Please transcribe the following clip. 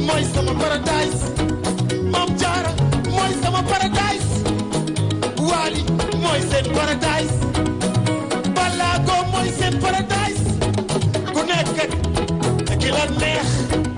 mooy sama paradise Mame Diarra mooy sama paradise Wally mooy seen paradise Balago mooy seen paradise ku nekk ki neex